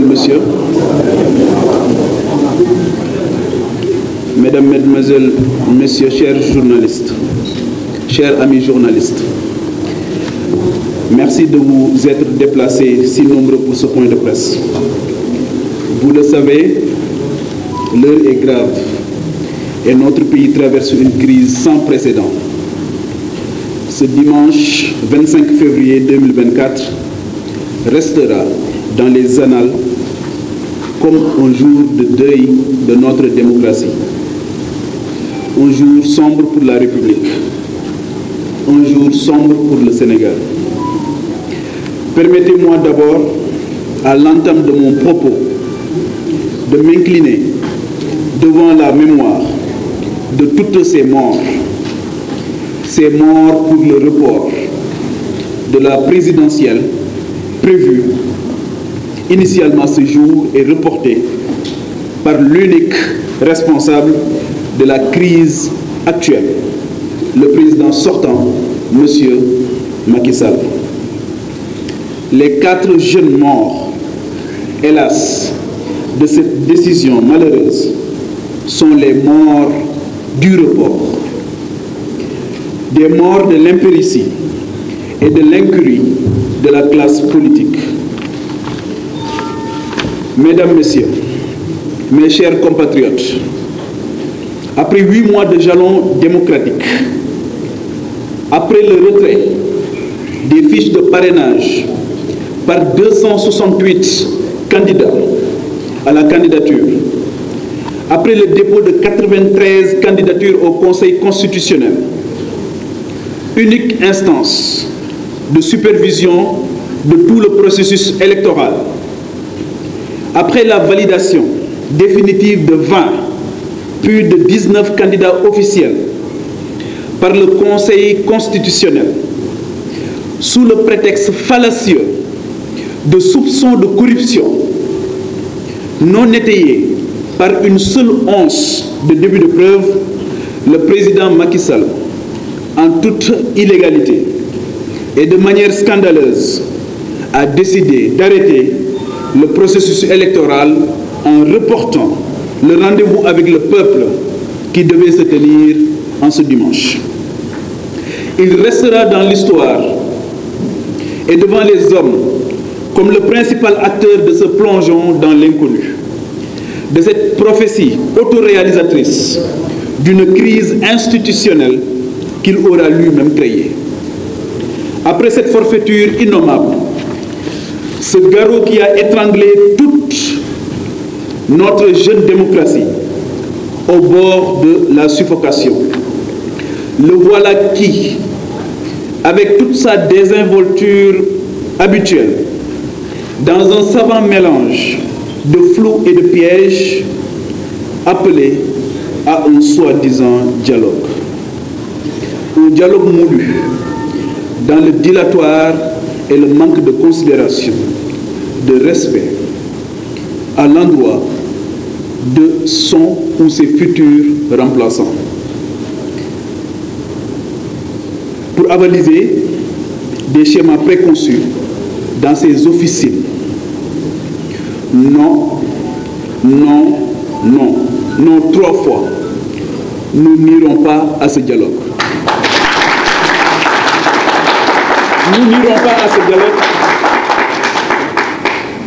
Monsieur Mesdames, Mesdemoiselles, Messieurs, chers journalistes, chers amis journalistes, merci de vous être déplacés si nombreux pour ce point de presse. Vous le savez, l'heure est grave et notre pays traverse une crise sans précédent. Ce dimanche 25 février 2024 restera dans les annales comme un jour de deuil de notre démocratie, un jour sombre pour la République, un jour sombre pour le Sénégal. Permettez-moi d'abord, à l'entame de mon propos, de m'incliner devant la mémoire de toutes ces morts, ces morts pour le report de la présidentielle prévue Initialement, ce jour est reporté par l'unique responsable de la crise actuelle, le président sortant, M. Macky Sall. Les quatre jeunes morts, hélas, de cette décision malheureuse sont les morts du report, des morts de l'impéritie et de l'incurie de la classe politique Mesdames, Messieurs, mes chers compatriotes, après huit mois de jalons démocratiques, après le retrait des fiches de parrainage par 268 candidats à la candidature, après le dépôt de 93 candidatures au Conseil constitutionnel, unique instance de supervision de tout le processus électoral après la validation définitive de 20, plus de 19 candidats officiels par le Conseil constitutionnel, sous le prétexte fallacieux de soupçons de corruption non étayés par une seule once de début de preuve, le président Macky Sall, en toute illégalité et de manière scandaleuse, a décidé d'arrêter le processus électoral en reportant le rendez-vous avec le peuple qui devait se tenir en ce dimanche. Il restera dans l'histoire et devant les hommes comme le principal acteur de ce plongeon dans l'inconnu, de cette prophétie autoréalisatrice d'une crise institutionnelle qu'il aura lui-même créée. Après cette forfaiture innommable, ce garrot qui a étranglé toute notre jeune démocratie au bord de la suffocation. Le voilà qui, avec toute sa désinvolture habituelle, dans un savant mélange de flou et de pièges, appelé à un soi-disant dialogue. Un dialogue moulu dans le dilatoire et le manque de considération de respect à l'endroit de son ou ses futurs remplaçants. Pour avaliser des schémas préconçus dans ses officines. Non, non, non, non trois fois. Nous n'irons pas à ce dialogue. Nous n'irons pas à ce dialogue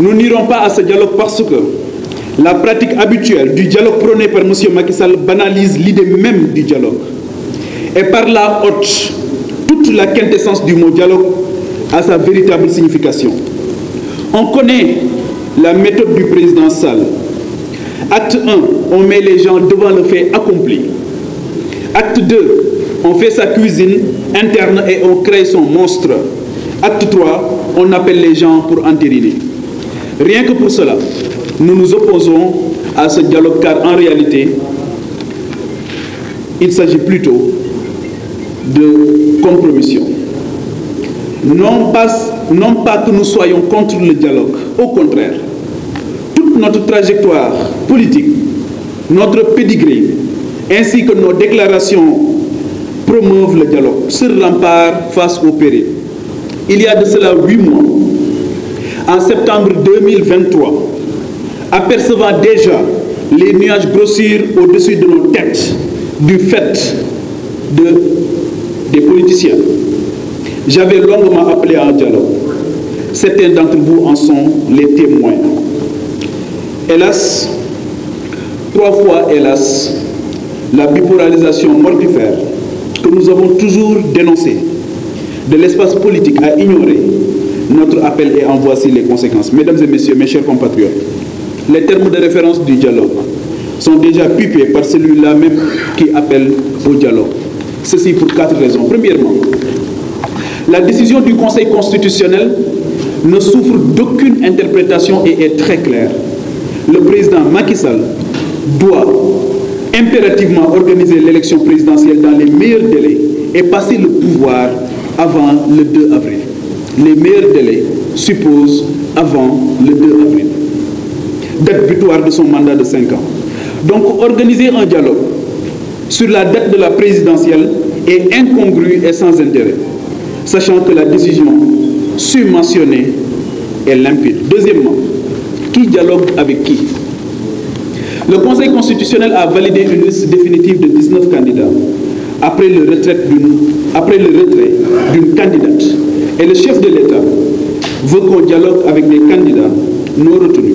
nous n'irons pas à ce dialogue parce que la pratique habituelle du dialogue prôné par M. Macky Sall banalise l'idée même du dialogue. Et par là haute toute la quintessence du mot dialogue à sa véritable signification. On connaît la méthode du président Sall. Acte 1, on met les gens devant le fait accompli. Acte 2, on fait sa cuisine interne et on crée son monstre. Acte 3, on appelle les gens pour entériner. Rien que pour cela, nous nous opposons à ce dialogue car en réalité, il s'agit plutôt de compromission. Non pas, que nous soyons contre le dialogue, au contraire, toute notre trajectoire politique, notre pedigree, ainsi que nos déclarations promouvent le dialogue, ce rempart face au péril. Il y a de cela huit mois, en septembre 2023, apercevant déjà les nuages grossir au-dessus de nos têtes du fait de, des politiciens, j'avais longuement appelé à un dialogue. Certains d'entre vous en sont les témoins. Hélas, trois fois hélas, la bipolarisation mortifère que nous avons toujours dénoncée de l'espace politique a ignoré notre appel est en voici les conséquences. Mesdames et messieurs, mes chers compatriotes, les termes de référence du dialogue sont déjà pupés par celui-là même qui appelle au dialogue. Ceci pour quatre raisons. Premièrement, la décision du Conseil constitutionnel ne souffre d'aucune interprétation et est très claire. Le président Macky Sall doit impérativement organiser l'élection présidentielle dans les meilleurs délais et passer le pouvoir avant le 2 avril les meilleurs délais supposent avant le 2 avril, date butoir de son mandat de 5 ans. Donc organiser un dialogue sur la date de la présidentielle est incongru et sans intérêt, sachant que la décision subventionnée est limpide. Deuxièmement, qui dialogue avec qui Le Conseil constitutionnel a validé une liste définitive de 19 candidats après le retrait d'une candidate. Et le chef de l'État veut qu'on dialogue avec des candidats non retenus,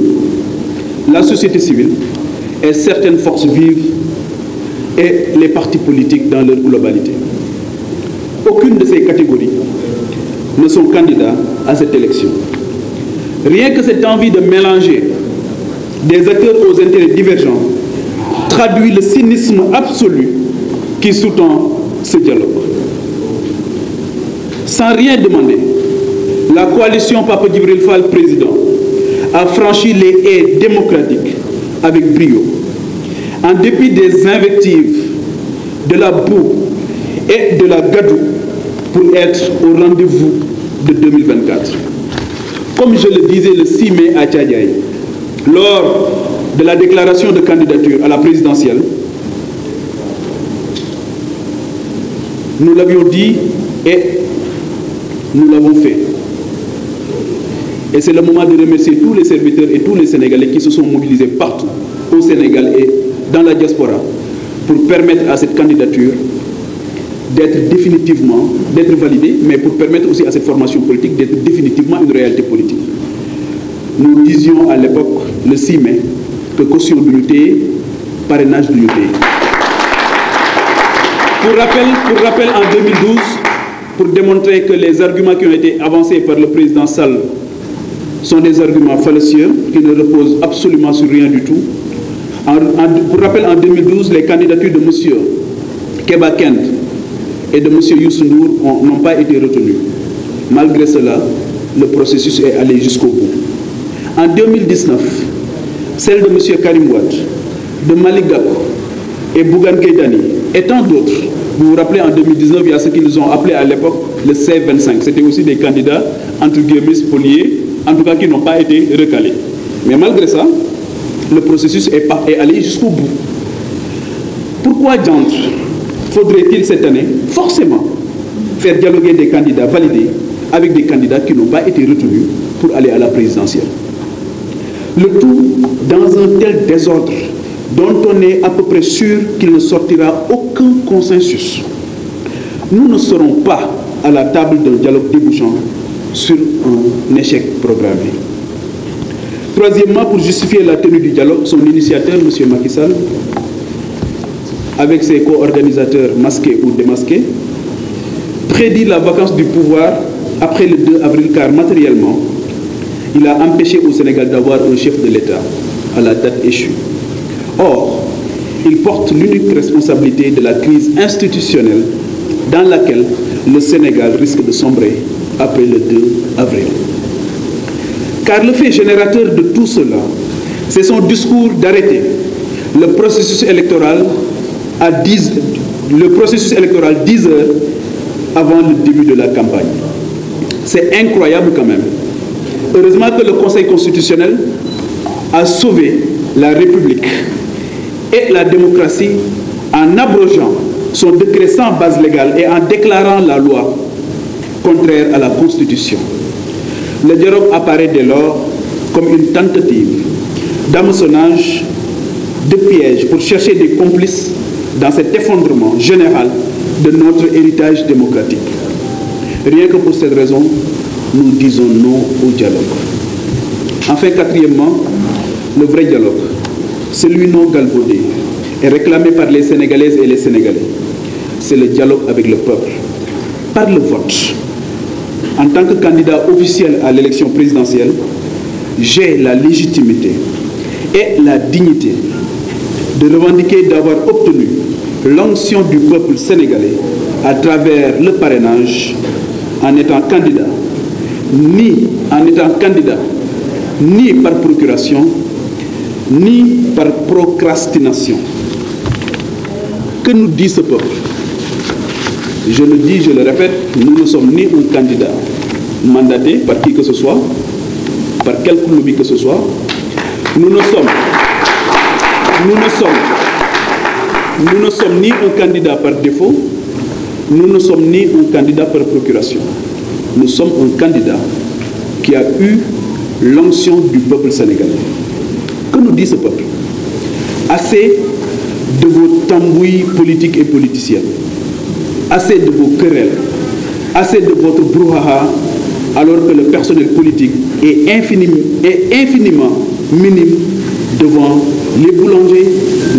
la société civile et certaines forces vives et les partis politiques dans leur globalité. Aucune de ces catégories ne sont candidats à cette élection. Rien que cette envie de mélanger des acteurs aux intérêts divergents traduit le cynisme absolu qui sous-tend ce dialogue. Sans rien demander, la coalition Papa Djibril Fall président a franchi les haies démocratiques avec brio. En dépit des invectives, de la boue et de la gadoue pour être au rendez-vous de 2024. Comme je le disais le 6 mai à Tchadiaï, lors de la déclaration de candidature à la présidentielle, Nous l'avions dit et nous l'avons fait. Et c'est le moment de remercier tous les serviteurs et tous les Sénégalais qui se sont mobilisés partout au Sénégal et dans la diaspora pour permettre à cette candidature d'être définitivement, d'être validée, mais pour permettre aussi à cette formation politique d'être définitivement une réalité politique. Nous disions à l'époque, le 6 mai, que caution l'UT, parrainage de l'UT. Pour rappel, pour rappel, en 2012, pour démontrer que les arguments qui ont été avancés par le président Sall sont des arguments fallacieux qui ne reposent absolument sur rien du tout. En, pour rappel, en 2012, les candidatures de M. Keba Kent et de M. Youssou n'ont pas été retenues. Malgré cela, le processus est allé jusqu'au bout. En 2019, celle de M. Karim Wade, de Malik Gako, et Bougan Keitani, et tant d'autres. Vous vous rappelez, en 2019, il y a ce qu'ils ont appelé à l'époque le C25. C'était aussi des candidats, entre guillemets, spoliés, en tout cas qui n'ont pas été recalés. Mais malgré ça, le processus est, pas, est allé jusqu'au bout. Pourquoi donc, faudrait-il cette année forcément faire dialoguer des candidats validés avec des candidats qui n'ont pas été retenus pour aller à la présidentielle Le tout dans un tel désordre dont on est à peu près sûr qu'il ne sortira aucun consensus. Nous ne serons pas à la table d'un dialogue débouchant sur un échec programmé. Troisièmement, pour justifier la tenue du dialogue, son initiateur, M. Macky Sall, avec ses co-organisateurs masqués ou démasqués, prédit la vacance du pouvoir après le 2 avril car matériellement, il a empêché au Sénégal d'avoir un chef de l'État à la date échue. Or, il porte l'unique responsabilité de la crise institutionnelle dans laquelle le Sénégal risque de sombrer après le 2 avril. Car le fait générateur de tout cela, c'est son discours d'arrêter le processus électoral à le processus électoral 10 heures avant le début de la campagne. C'est incroyable quand même. Heureusement que le Conseil constitutionnel a sauvé la République la démocratie en abrogeant son décret sans base légale et en déclarant la loi contraire à la Constitution. Le dialogue apparaît dès lors comme une tentative d'amassonnage, de pièges pour chercher des complices dans cet effondrement général de notre héritage démocratique. Rien que pour cette raison, nous disons non au dialogue. Enfin, quatrièmement, le vrai dialogue celui non galvaudé, est réclamé par les Sénégalaises et les Sénégalais. C'est le dialogue avec le peuple, par le vote. En tant que candidat officiel à l'élection présidentielle, j'ai la légitimité et la dignité de revendiquer d'avoir obtenu l'onction du peuple sénégalais à travers le parrainage en étant candidat, ni en étant candidat, ni par procuration, ni par procrastination. Que nous dit ce peuple Je le dis, je le répète, nous ne sommes ni un candidat mandaté par qui que ce soit, par quel lobby que ce soit. Nous ne sommes, nous ne sommes, nous ne sommes ni un candidat par défaut, nous ne sommes ni un candidat par procuration. Nous sommes un candidat qui a eu l'onction du peuple sénégalais. Que nous dit ce peuple Assez de vos tambouilles politiques et politiciens. Assez de vos querelles. Assez de votre brouhaha alors que le personnel politique est infiniment, est infiniment minime devant les boulangers,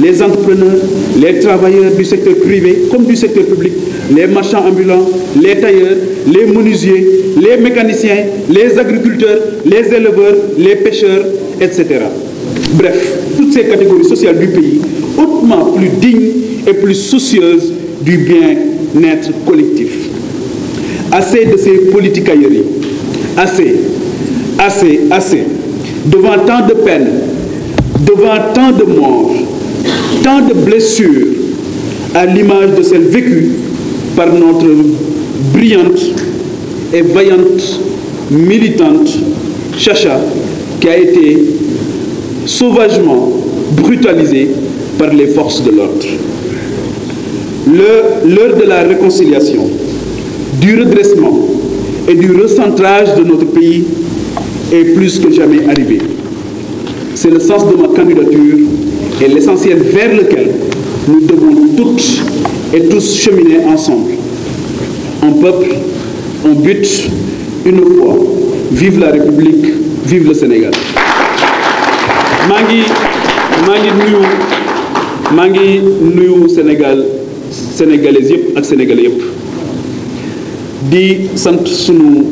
les entrepreneurs, les travailleurs du secteur privé comme du secteur public, les marchands ambulants, les tailleurs, les menuisiers, les mécaniciens, les agriculteurs, les éleveurs, les pêcheurs, etc bref, toutes ces catégories sociales du pays, hautement plus dignes et plus soucieuses du bien-être collectif. Assez de ces politiques aériennes, Assez, assez, assez. Devant tant de peines, devant tant de morts, tant de blessures, à l'image de celles vécues par notre brillante et vaillante militante Chacha, qui a été sauvagement brutalisés par les forces de l'ordre. L'heure de la réconciliation, du redressement et du recentrage de notre pays est plus que jamais arrivée. C'est le sens de ma candidature et l'essentiel vers lequel nous devons toutes et tous cheminer ensemble. En peuple, en but, une fois. Vive la République, vive le Sénégal. maa ngi maa ngi nuyu maa ngi nuyu Sénégal sénégalais yëpp ak sénégalais yëpp di sant sunu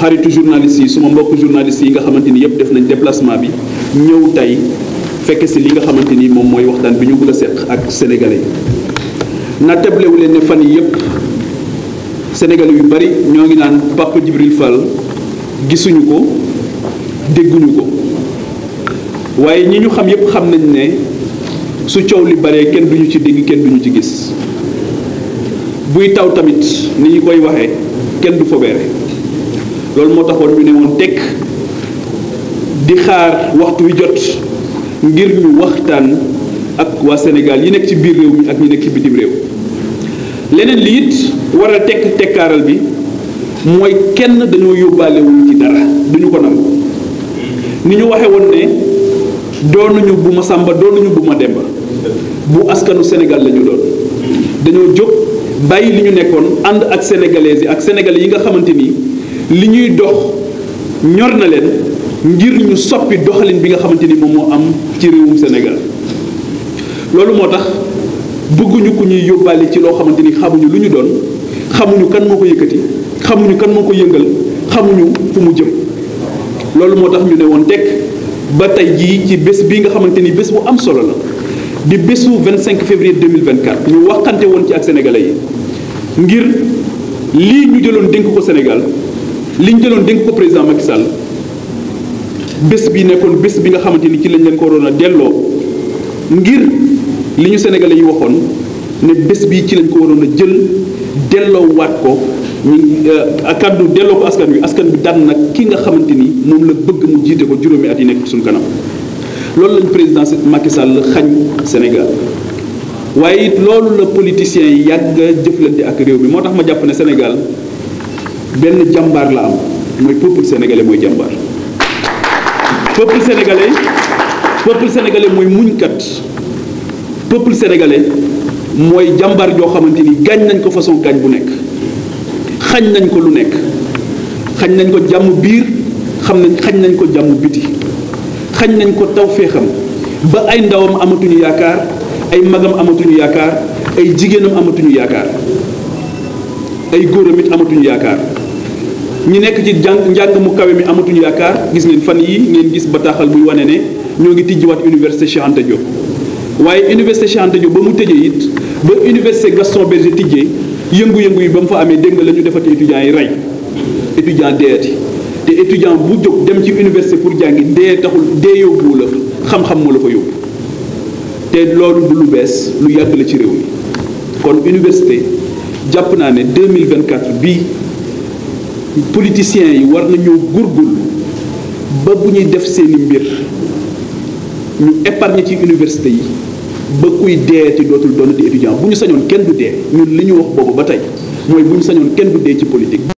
xaritu journalistes yi suma mbokk journalistes yi nga xamante ni yëpp def nañ déplacement bi ñëw tey fekk si li nga xamante ni moom mooy waxtaan bi ñu bëgg a seq ak sénégalais yi na teblewu ne fan yi yëpp sénégalais yu bari ñoo ngi naan Papa Djibril Fall gisuñu ko dégguñu ko waaye ñi ñu xam yépp xam nañ ne su coow li baree kenn duñu ci dégg kenn duñu ci gis buy taw tamit ni ñu koy waxe kenn du fobeere loolu moo taxoon ñu ne woon tekk di xaar waxtu wi jot ngir ñu waxtaan ak waa Sénégal yi nekk ci biir réew mi ak ñi nekk ci bitim réew leneen li it war a tekk tekkaaral bi mooy kenn dañoo yóbbaalewul ci dara duñu ko nangu ni ñu waxe woon ne doonuñu bu ma sàmba doonuñu bu ma demba bu askanu Sénégal lañu ñu doon dañoo jóg bàyyi li ñu nekkoon ànd ak sénégalais yi ak sénégalais yi nga xamante ni li ñuy dox ñor na leen ngir ñu soppi doxalin bi nga xamante ni moom moo am ci réewum Sénégal loolu moo tax bëgguñu ku ñuy yóbbaale ci loo xamante ni xamuñu lu ñu doon xamuñu kan moo ko yëkkati xamuñu kan moo ko yëngal xamuñu fu mu jëm loolu moo tax ñu ne woon tekk ba tey jii ci bés bi nga xamante ni bés bu am solo la di bésu 25 février 2024 ñu waxante woon ci ak sénégalais yi ngir lii ñu jëloon dénk ko Sénégal liñ jëloon dénk ko président Macky Sall bés bi nekkoon bés bi nga xamante ni ci lañ leen ko waroon a delloo ngir li ñu sénégalais yi waxoon ne bés bi ci lañ ko waroon a jël delloo waat ko. ñu euh, kàddu delloo ko askan wi askan bi daan nag ki nga xamante ni moom la bëgg mu jiite ko juróomi at yi nekk suñu kanam loolu lañ président Macky Sall xañ Sénégal waaye it loolu la politiciens yi yàgg jëflante ak réew bi moo tax ma jàpp ne Sénégal benn jàmbaar la am mooy peuple sénégalais mooy jàmbaar peuple sénégalais peuple mooy muñkat peuple sénégalais mooy jàmbaar joo xamante ni gaañ nañ ko façon gaañ bu nekk xañ nañ ko lu nekk xañ nañ ko jàmm biir xam nañ xañ nañ ko jàmm biti xañ nañ ko taw féexam ba ay ndawam amatuñu yaakaar ay magam amatuñu yaakaar ay jigéenam amatuñu yaakaar ay góoram it amatuñu yaakaar ñi nekk ci jàng njàng mu kawe mi amatuñu yaakaar gis ngeen fan yi ngeen gis bataaxal buy wane ne ñoo ngi tijjiwaat université Cheikh Anta waaye université Cheikh Anta ba mu tëjee it ba université Gaston Berger tijjee yëngu-yëngu yi ba mu fa amee dégg nga la ñu defati étudiants yi rey étudiant deeti te étudiant bu jóg dem ci université pour jàngi dee taxul dee yóbbu la xam-xam moo la fa yóbbu te loolu du lu bees lu yàgg la ci réew mi kon université jàpp naa ne 2024 bii politiciens yi war nañoo gurgul ba bu ñuy def seeni mbir ñu épargne ci université yi ba kuy dee ci dootul doonati étudiant bu ñu sañoon kenn du dee ñu li ñu wax boobu ba tey mooy bu ñu sañoon kenn du dee ci politique.